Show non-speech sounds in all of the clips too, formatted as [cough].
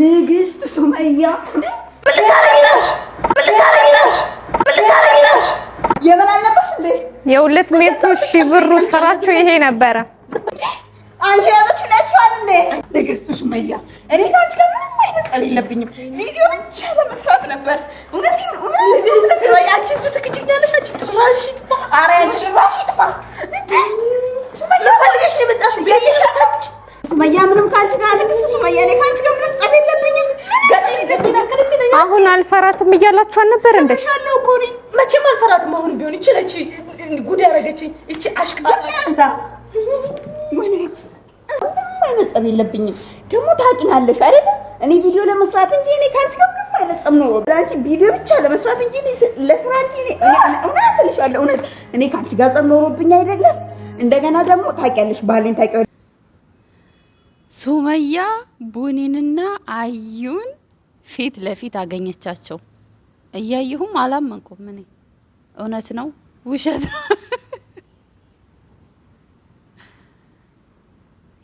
ንግስት ሱመያ የሁለት መቶ ሺህ ብሩ ስራቸው ይሄ ነበረ። አንቺ ያዘች ነሷል እንዴ? ንግስት ሱመያ እኔ ካንቺ ጋር ምንም አይነት ጸብ የለብኝም። ቪዲዮ ብቻ በመስራት ነበር። እውነት እውነት ሱመያ አንቺ እሱ ትክክለኛለሽ። አንቺ ጥራሽ ጥፋ። ኧረ አንቺ ጥራሽ ጥፋ ሱመያ ፈልገሽ ምንም ከአንቺ ጋር ሱመያ እኔ ከአንቺ ጋር ምንም ጸብ የለብኝም። አሁን አልፈራትም እያላችሁ አልነበር እንዴ? ሻለው እኮ እኔ መቼም አልፈራትም። አሁን ቢሆን ይቺ ነች ጉድ ያደረገችኝ ይቺ አሽቃባጭ። ምንም አይነት ጸብ የለብኝም። ደግሞ ታውቂናለሽ አይደል እኔ ቪዲዮ ለመስራት እንጂ እኔ ከአንቺ ጋር ምንም አይነት ነው ኖሮ ለአንቺ ቪዲዮ ብቻ ለመስራት እንጂ ለስራ እንጂ እውነት እልሻለሁ፣ እውነት እኔ ከአንቺ ጋር ጸብ ኖሮብኝ አይደለም። እንደገና ደግሞ ታውቂያለሽ፣ ባህሌን ታውቂያለሽ። ሱመያ ቡኒንና አዩን ፊት ለፊት አገኘቻቸው። እያየሁም አላመንኩም። ምን እውነት ነው ውሸት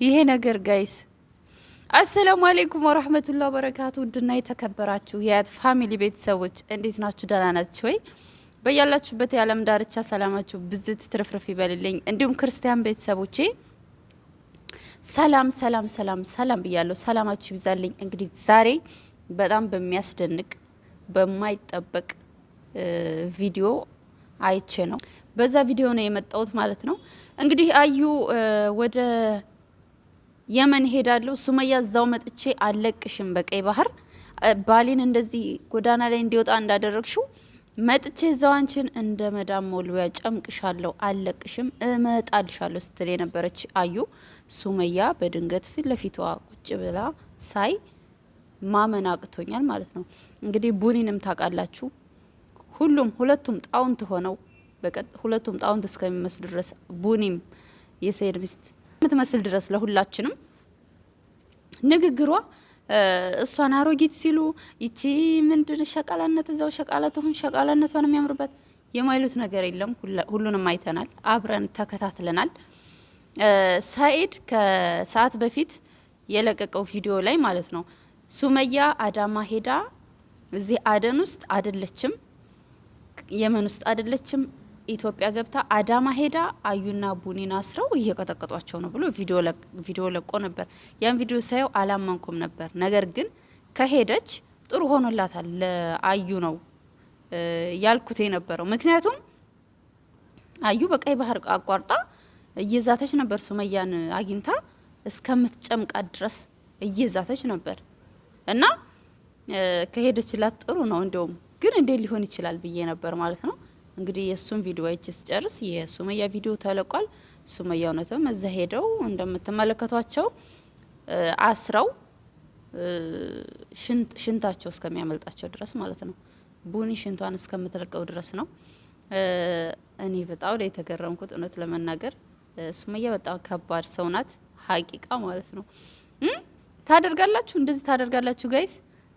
ይሄ ነገር ጋይስ አሰላሙ አሌይኩም ወረህመቱላ በረካቱ። ውድና የተከበራችሁ የአያት ፋሚሊ ቤተሰቦች እንዴት ናችሁ? ደህና ናችሁ ወይ? በያላችሁበት የዓለም ዳርቻ ሰላማችሁ ብዝት ትርፍርፍ ይበልልኝ። እንዲሁም ክርስቲያን ቤተሰቦቼ ሰላም ሰላም ሰላም ሰላም ብያለሁ። ሰላማችሁ ይብዛልኝ። እንግዲህ ዛሬ በጣም በሚያስደንቅ በማይጠበቅ ቪዲዮ አይቼ ነው በዛ ቪዲዮ ነው የመጣሁት ማለት ነው። እንግዲህ አዩ ወደ የመን ሄዳለሁ ሱመያ እዛው መጥቼ አለቅሽም በቀይ ባህር ባሊን እንደዚህ ጎዳና ላይ እንዲወጣ እንዳደረግሽው መጥቼ እዛው አንቺን እንደ መዳም ሞልቢያ ጨምቅሻለሁ አለቅሽም እመጣልሻለሁ ስትል የነበረች አዩ ሱመያ በድንገት ፊት ለፊቷ ቁጭ ብላ ሳይ ማመን አቅቶኛል ማለት ነው። እንግዲህ ቡኒንም ታውቃላችሁ። ሁሉም ሁለቱም ጣውንት ሆነው ሁለቱም ጣውንት እስከሚመስሉ ድረስ ቡኒም የሰይድ ሚስት እስከምትመስል ድረስ ለሁላችንም ንግግሯ እሷን አሮጊት ሲሉ ይቺ ምንድን ሸቃላነት እዛው ሸቃላት ሁን ሸቃላነቷን የሚያምርበት የማይሉት ነገር የለም። ሁሉንም አይተናል፣ አብረን ተከታትለናል። ሳኤድ ከሰዓት በፊት የለቀቀው ቪዲዮ ላይ ማለት ነው ሱመያ አዳማ ሄዳ እዚህ አደን ውስጥ አይደለችም፣ የመን ውስጥ አይደለችም ኢትዮጵያ ገብታ አዳማ ሄዳ አዩና ቡኒን አስረው እየቀጠቀጧቸው ነው ብሎ ቪዲዮ ለቆ ነበር። ያን ቪዲዮ ሳየው አላመንኩም ነበር። ነገር ግን ከሄደች ጥሩ ሆኖላታል። ለአዩ ነው ያልኩት የነበረው። ምክንያቱም አዩ በቀይ ባህር አቋርጣ እየዛተች ነበር፣ ሱመያን አግኝታ እስከምትጨምቃት ድረስ እየዛተች ነበር እና ከሄደችላት ጥሩ ነው። እንዲሁም ግን እንዴት ሊሆን ይችላል ብዬ ነበር ማለት ነው እንግዲህ የእሱን ቪዲዮ አይቼ ስጨርስ የሱመያ ቪዲዮ ተለቋል። ሱመያ እውነትም እዛ ሄደው እንደምትመለከቷቸው አስረው ሽንታቸው እስከሚያመልጣቸው ድረስ ማለት ነው። ቡኒ ሽንቷን እስከምትለቀው ድረስ ነው። እኔ በጣም ላይ የተገረምኩት እውነት ለመናገር ሱመያ በጣም ከባድ ሰው ናት። ሀቂቃ ማለት ነው። ታደርጋላችሁ፣ እንደዚህ ታደርጋላችሁ ጋይስ።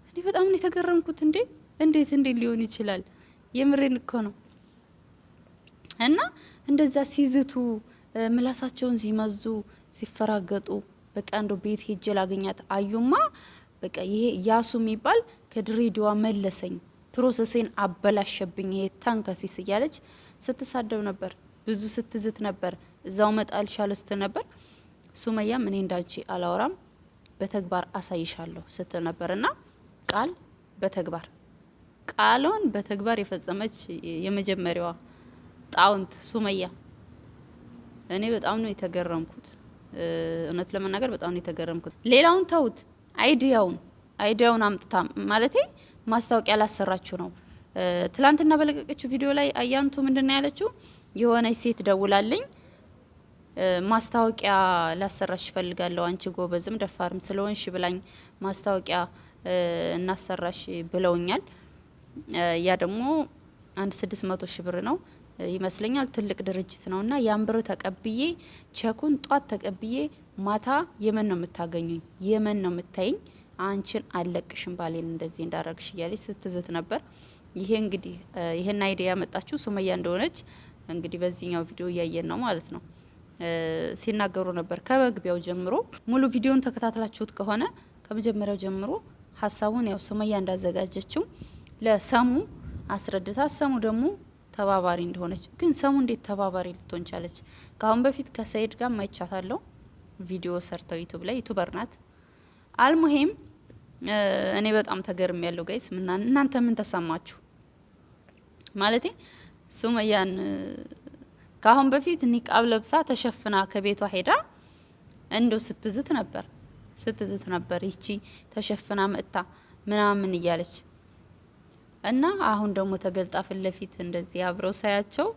እኔ በጣም ነው የተገረምኩት። እንዴ እንዴት እንዴት ሊሆን ይችላል? የምሬን እኮ ነው። እና እንደዛ ሲዝቱ ምላሳቸውን ሲመዙ ሲፈራገጡ በቃ እንደው ቤት ሄጄ ላገኛት አዩማ በቃ ይሄ ያሱ የሚባል ከድሬዳዋ መለሰኝ፣ ፕሮሰሴን አበላሸብኝ፣ ይሄ ታንከሲስ እያለች ስትሳደብ ነበር። ብዙ ስትዝት ነበር። እዛው መጣልሻለሁ ስትል ነበር። ሱመያም እኔ እንዳንቺ አላወራም በተግባር አሳይሻለሁ ስትል ነበር። እና ቃል በተግባር ቃሏን በተግባር የፈጸመች የመጀመሪያዋ ጣውንት ሱመያ እኔ በጣም ነው የተገረምኩት። እውነት ለመናገር በጣም ነው የተገረምኩት። ሌላውን ተውት፣ አይዲያውን አይዲያውን አምጥታ ማለት ማስታወቂያ ላሰራችሁ ነው። ትላንትና በለቀቀችው ቪዲዮ ላይ አያንቱ ምንድነው ያለችው? የሆነች ሴት ደውላልኝ ማስታወቂያ ላሰራሽ ፈልጋለሁ፣ አንቺ ጎበዝም ደፋርም ስለሆንሽ ብላኝ ማስታወቂያ እናሰራሽ ብለውኛል። ያ ደግሞ አንድ ስድስት መቶ ሺ ብር ነው ይመስለኛል ትልቅ ድርጅት ነው እና ያን ብር ተቀብዬ ቸኩን ጧት ተቀብዬ ማታ የመን ነው የምታገኙኝ፣ የመን ነው የምታይኝ፣ አንቺን አለቅሽም ባሌን እንደዚህ እንዳረግሽ እያለች ስትዝት ነበር። ይሄ እንግዲህ ይሄን አይዲያ ያመጣችው ሱመያ እንደሆነች እንግዲህ በዚህኛው ቪዲዮ እያየን ነው ማለት ነው። ሲናገሩ ነበር ከመግቢያው ጀምሮ። ሙሉ ቪዲዮን ተከታትላችሁት ከሆነ ከመጀመሪያው ጀምሮ ሀሳቡን ያው ሱመያ እንዳዘጋጀችው ለሰሙ አስረድታ ሰሙ ደግሞ ተባባሪ እንደሆነች። ግን ሰሙ እንዴት ተባባሪ ልትሆን ቻለች? ከአሁን በፊት ከሰይድ ጋር ማይቻታለው ቪዲዮ ሰርተው ዩቱብ ላይ ዩቱበር ናት። አልሙሄም እኔ በጣም ተገርም ያለው ጋይስ፣ እናንተ ምን ተሰማችሁ? ማለቴ ሱመያን ከአሁን በፊት ኒቃብ ለብሳ ተሸፍና ከቤቷ ሄዳ እንደው ስትዝት ነበር ስትዝት ነበር። ይቺ ተሸፍና መጥታ ምናምን እያለች እና አሁን ደግሞ ተገልጣ ፊት ለፊት እንደዚህ አብረው ሳያቸው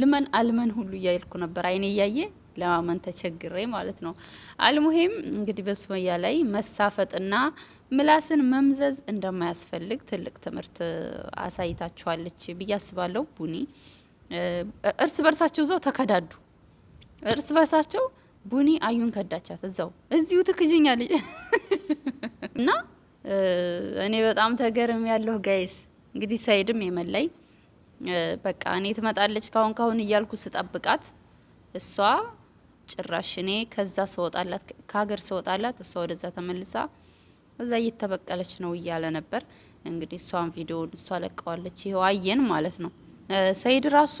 ልመን አልመን ሁሉ እያልኩ ነበር። አይኔ እያየ ለማመን ተቸግሬ ማለት ነው። አልሙሄም እንግዲህ በሱመያ ላይ መሳፈጥና ምላስን መምዘዝ እንደማያስፈልግ ትልቅ ትምህርት አሳይታችኋለች ብዬ አስባለሁ። ቡኒ እርስ በርሳቸው እዛው ተከዳዱ። እርስ በርሳቸው ቡኒ አዩን ከዳቻት እዛው እዚሁ ትክጅኛለች [laughs] እና እኔ በጣም ተገርም ያለሁ ጋይስ። እንግዲህ ሳይድም የመላይ በቃ እኔ ትመጣለች ካሁን ካሁን እያልኩ ስጠብቃት እሷ ጭራሽ እኔ ከዛ ስወጣላት ከሀገር ስወጣላት እሷ ወደዛ ተመልሳ እዛ እየተበቀለች ነው እያለ ነበር። እንግዲህ እሷን ቪዲዮን እሷ ለቀዋለች። ይኸው አየን ማለት ነው። ሰይድ ራሱ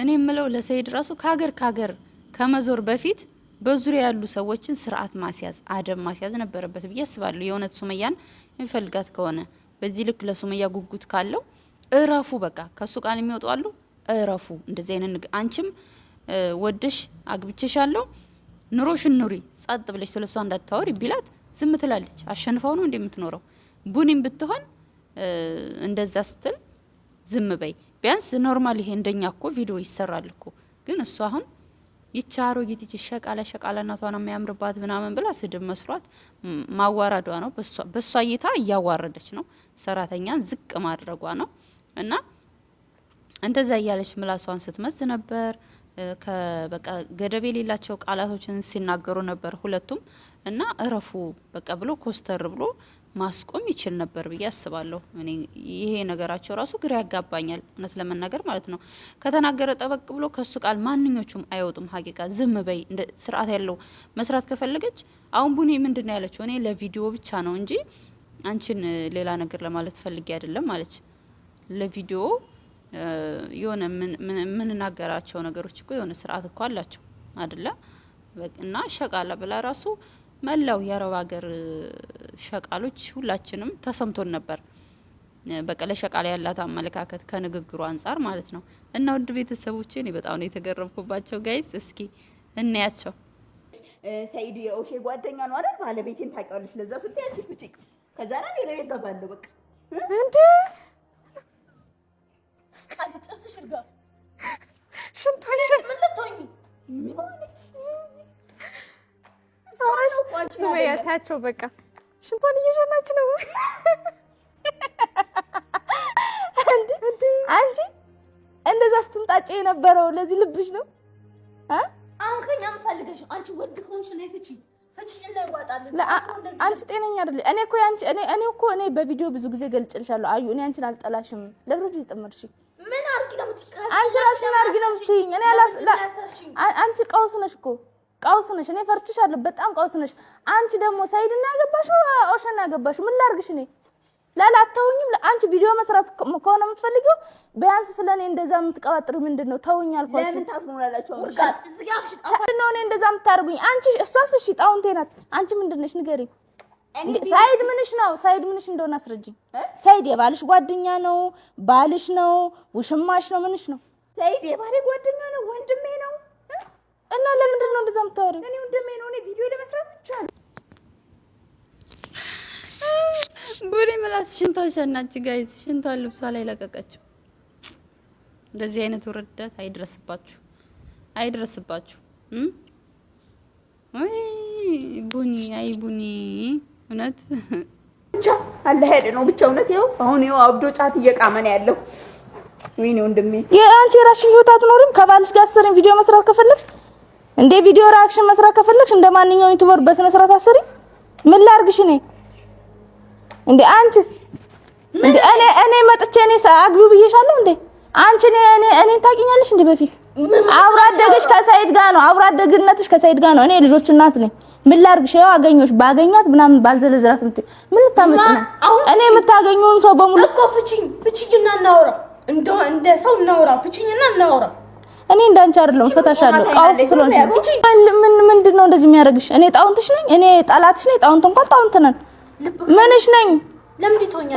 እኔ የምለው ለሰይድ ራሱ ከሀገር ከሀገር ከመዞር በፊት በዙሪያ ያሉ ሰዎችን ስርዓት ማስያዝ አደብ ማስያዝ ነበረበት ብዬ አስባለሁ። የእውነት ሱመያን የሚፈልጋት ከሆነ በዚህ ልክ ለሱመያ ጉጉት ካለው እረፉ። በቃ ከሱ ቃል የሚወጡ አሉ። እረፉ። እንደዚህ አይነት አንቺም ወደሽ አግብቼሻለሁ ኑሮሽን ኑሪ፣ ጸጥ ብለሽ ስለሷ እንዳታወሪ ቢላት ዝም ትላለች። አሸንፋው ነው የምትኖረው? ቡኒም ብትሆን እንደዛ ስትል ዝም በይ። ቢያንስ ኖርማል ይሄ እንደኛ እኮ ቪዲዮ ይሰራል እኮ ግን እሱ አሁን ይቻ አሮጊት ይቺ ሸቃለ ነው የሚያምርባት ምናምን ብላ ስድብ መስሯት ማዋረዷ ነው። በእሷ እይታ እያዋረደች ነው፣ ሰራተኛን ዝቅ ማድረጓ ነው። እና እንደዛ እያለች ምላሷን ስትመዝ ነበር። በቃ ገደብ የሌላቸው ቃላቶችን ሲናገሩ ነበር ሁለቱም። እና እረፉ በቃ ብሎ ኮስተር ብሎ ማስቆም ይችል ነበር ብዬ አስባለሁ። እኔ ይሄ ነገራቸው ራሱ ግራ ያጋባኛል፣ እውነት ለመናገር ማለት ነው። ከተናገረ ጠበቅ ብሎ ከሱ ቃል ማንኞቹም አይወጡም። ሀቂቃ ዝም በይ እንደ ስርዓት ያለው መስራት ከፈለገች አሁን ቡኒ ምንድን ነው ያለችው? እኔ ለቪዲዮ ብቻ ነው እንጂ አንቺን ሌላ ነገር ለማለት ፈልጌ አይደለም ማለች። ለቪዲዮ የሆነ የምንናገራቸው ነገሮች እኮ የሆነ ስርዓት እኮ አላቸው አደለ እና ሸቃላ ብላ ራሱ መላው የአረብ ሀገር ሸቃሎች ሁላችንም ተሰምቶን ነበር። በቀለ ሸቃላ ያላት አመለካከት ከንግግሩ አንጻር ማለት ነው። እና ውድ ቤተሰቦቼ እኔ በጣም ነው የተገረምኩባቸው። ጋይስ እስኪ እናያቸው። ሰይድ የኦሼ ጓደኛ ነው አይደል? ባለቤቴን ታውቂዋለሽ። ለዛ ስትይ አንቺ ፍጪ፣ ከዛ ራ ሌላ ይገባለሁ። በቃ እንዴ ስቃል ጥርስሽ እርጋ ሽንቶሽ ምን ልትሆኚ ሱመያ ታቸው በቃ ሽንቷን እየሸናች ነው። አንቺ እንደዛ ስትምጣጭ የነበረው ለዚህ ልብሽ ነው። አሁን ከኛ የምፈልገሽ አንቺ ወድ ከሆንሽ ነው። ፍቺ አንቺ ጤነኛ አይደለ። እኔ እኮ አንቺ እኔ እኔ እኮ እኔ በቪዲዮ ብዙ ጊዜ ገልጭልሻለሁ። አዩ እኔ አንቺን አልጠላሽም። ለብሩት ይጥምርሽ ምን አርጊ ነው የምትከራ አንቺ ራስሽን አርጊ ነው የምትይኝ። እኔ አላስ አንቺ ቀውስ ነሽ እኮ ቀውስ ነሽ። እኔ ፈርችሻለሁ። በጣም ቀውስ ነሽ። አንቺ ደግሞ ሰይድና ያገባሽ ኦሸና ያገባሽ ምን ላርግሽ? እኔ ላላ አተውኝም። አንቺ ቪዲዮ መስራት ከሆነ የምትፈልጊው ቢያንስ ስለ እኔ እንደዛ የምትቀባጥሩ ምንድን ነው? ተውኝ አልኳቸው። ለምን ታስሞላላችሁ? እኔ እንደዛ የምታደርጉኝ አንቺ። እሷስ እሺ ጣውንቴ ናት። አንቺ ምንድን ነሽ ንገሪኝ። ሳይድ ምንሽ ነው? ሳይድ ምንሽ እንደሆነ አስረጅኝ። ሳይድ የባልሽ ጓደኛ ነው? ባልሽ ነው? ውሽማሽ ነው? ምንሽ ነው? ሳይድ የባሌ ጓደኛ ነው፣ ወንድሜ ነው እና ለምንድን ነው እንደዛ የምታወሪው? እኔ ወንድሜ ነው። እኔ ቪዲዮ ለመስራት ብቻ ነው። ቡኒ ምላስ ሽንቷን ሸናች። ጋይዝ ሽንቷን ልብሷ ላይ ለቀቀችው። እንደዚህ አይነት ውርደት አይድረስባችሁ፣ አይድረስባችሁ። ቡኒ አይ ቡኒ እውነት ብቻ አለ ሄደ ነው ብቻ እውነት። ይኸው አሁን ይኸው አብዶ ጫት እየቃመ ነው ያለው። ወይኔ ወንድሜ፣ የአንቺ የራስሽን ህይወት አትኖሪም? ከባልሽ ጋር ሰርም ቪዲዮ መስራት ከፈለግሽ እንዴ ቪዲዮ ሪአክሽን መስራት ከፈለግሽ እንደ ማንኛውም ዩቲዩበር በስነ ስርዓት አሰሪ። ምን ላርግሽ እኔ? እንዴ አንቺስ እንዴ እኔ እኔ መጥቼ እኔ አግቢው ብዬሻለሁ እንዴ? አንቺ እኔ እኔ እኔን ታውቂኛለሽ እንዴ? በፊት አብሮ አደገሽ ከሰይድ ጋር ነው። አብሮ አደግነትሽ ከሰይድ ጋር ነው። እኔ ልጆች እናት ነኝ። ምን ላርግሽ? ይኸው አገኘሁሽ። ባገኛት ምናምን ባልዘለዝራት ምት ምን ልታመጭ ነው? እኔ የምታገኘውን ሰው በሙሉ እኮ ፍቺኝ፣ ፍቺኝና እናውራ፣ እንደ ሰው እናውራ፣ ፍቺኝና እናውራ እኔ እንዳንቺ አይደለም ፈታሻለሁ። ቃውስ ስለሆንሽ እቺ ምን ምንድን ነው እንደዚህ የሚያደርግሽ? እኔ ጣውንትሽ ነኝ? እኔ ጠላትሽ ነኝ? ጣውንት እንኳን ጣውንት ነን። ምንሽ ነኝ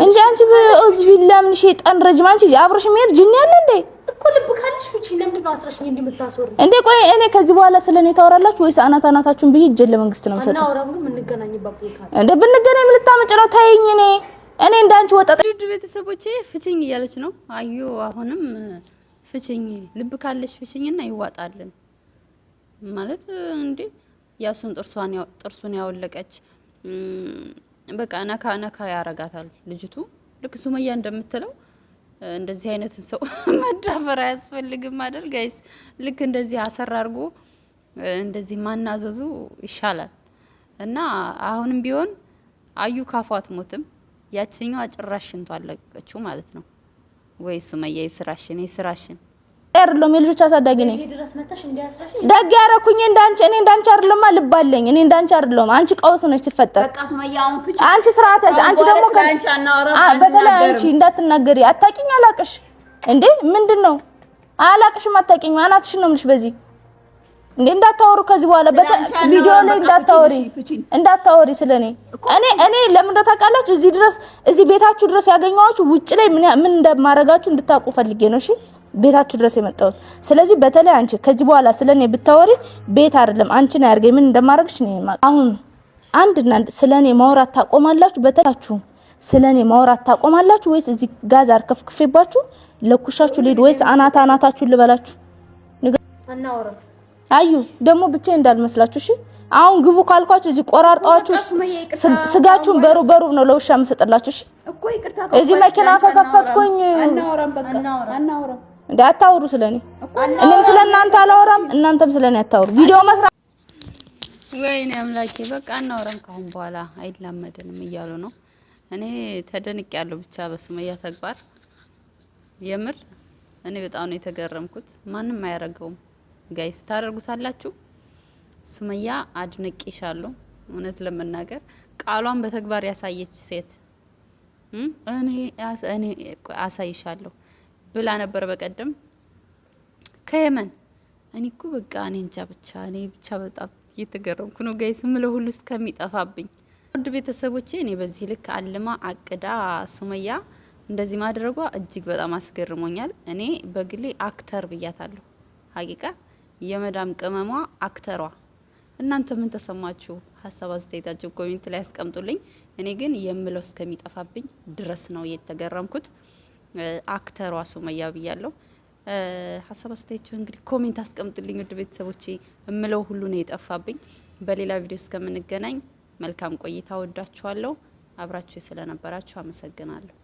እንጂ አንቺ በኡዝ ቢላ ምን ሸይጣን ረጅም አንቺ አብረሽ የሚሄድ ጅን ያለ እንዴ እኮ ልብ ካልሽ እቺ ለምንድን ነው አስረሽኝ እንደምታስወሩ እንዴ? ቆይ እኔ ከዚህ በኋላ ስለኔ ታወራላችሁ ወይስ አናት አናታችሁን ብዬ እጄን ለመንግስት ነው የምሰጠው? እናወራም ግን የምንገናኝበት ቦታ እንዴ ብንገናኝ ምን ልታመጭ ነው? ተይኝ። እኔ እኔ እንዳንቺ ወጣ ድድ ቤተሰቦቼ ፍቺኝ እያለች ነው አዩ አሁንም ፍችኝ፣ ልብ ካለሽ ፍችኝና ይዋጣልን ማለት እንዴ ያሱን ጥርሱን ያወለቀች በቃ ነካ ነካ ያረጋታል ልጅቱ። ልክ ሱመያ እንደምትለው እንደዚህ አይነት ሰው [laughs] መዳፈር አያስፈልግም አይደል ጋይስ? ልክ እንደዚህ አሰራርጎ እንደዚህ ማናዘዙ ይሻላል። እና አሁንም ቢሆን አዩ ካፏ አትሞትም። ያችኛዋ ጭራሽ ሽንቷ ማለት ነው። ወይ ሱመያ ይስራሽን ይስራሽን አይደለም የልጆች አሳዳጊ ነኝ። ደግ ያደረኩኝ እንዳንቺ እኔ እንዳንቺ እኔ እንዳንቺ አይደለም። አንቺ ቀውስ ነች ትፈጠር። አንቺ ስርዓት ያዝ። አንቺ ደግሞ በተለይ አንቺ እንዳትናገሪ አላቅሽ እንዴ ምንድን ነው አላቅሽም፣ አናትሽን ነው የምልሽ በዚህ እንዴ እንዳታወሩ ከዚህ በኋላ በቪዲዮ ላይ እንዳታወሪ እንዳታወሪ ስለኔ እኔ እኔ ለምን ታውቃላችሁ እዚህ ድረስ እዚህ ቤታችሁ ድረስ ያገኘኋችሁ ውጭ ላይ ምን ምን እንደማረጋችሁ እንድታውቁ ፈልጌ ነው እሺ ቤታችሁ ድረስ የመጣሁት ስለዚህ በተለይ አንቺ ከዚህ በኋላ ስለኔ ብታወሪ ቤት አይደለም አንቺ አንቺን አያርገኝ ምን እንደማደርግሽ እኔ አሁን አንድና አንድ ስለኔ ማውራት ታቆማላችሁ በተታችሁ ስለኔ ማውራት ታቆማላችሁ ወይስ እዚህ ጋዝ አርከፍክፌባችሁ ለኩሻችሁ ልሂድ ወይስ አናታ አናታችሁ ልበላችሁ አዩ ደግሞ ብቻ እንዳልመስላችሁ እሺ። አሁን ግቡ ካልኳችሁ እዚህ ቆራርጣችሁ ስጋችሁን በሩብ በሩብ ነው ለውሻ የምሰጥላችሁ። እሺ እዚህ መኪና ከከፈትኩኝ እንደ አታውሩ ስለኔ፣ እኔም ስለእናንተ አላወራም፣ እናንተም ስለኔ አታውሩ። ቪዲዮ መስራት ወይኔ አምላኬ፣ በቃ አናወራም ካሁን በኋላ አይላመደንም እያሉ ነው። እኔ ተደንቅ ያለው ብቻ በሱመያ ተግባር የምር እኔ በጣም ነው የተገረምኩት። ማንም አያረገውም። ጋይስ ታደርጉታላችሁ። ሱመያ አድንቄሻለሁ። እውነት ለመናገር ቃሏን በተግባር ያሳየች ሴት እኔ አሳይሻለሁ ብላ ነበር በቀደም ከየመን። እኔ እኮ በቃ እኔ እንጃ ብቻ እኔ ብቻ በጣም እየተገረምኩ ነው ጋይስ፣ ምለው ሁሉ እስከሚጠፋብኝ ውድ ቤተሰቦቼ እኔ በዚህ ልክ አልማ አቅዳ ሱመያ እንደዚህ ማድረጓ እጅግ በጣም አስገርሞኛል። እኔ በግሌ አክተር ብያታለሁ ሀቂቃ የመዳም ቅመሟ አክተሯ። እናንተ ምን ተሰማችሁ? ሀሳብ አስተያየታችሁ ኮሜንት ላይ ያስቀምጡልኝ። እኔ ግን የምለው እስከሚጠፋብኝ ድረስ ነው የተገረምኩት። አክተሯ ሱመያ ብያለሁ። ሀሳብ አስተያየታችሁ እንግዲህ ኮሜንት አስቀምጡልኝ። ውድ ቤተሰቦቼ እምለው ሁሉ ነው የጠፋብኝ። በሌላ ቪዲዮ እስከምንገናኝ መልካም ቆይታ። ወዳችኋለሁ። አብራችሁ ስለነበራችሁ አመሰግናለሁ።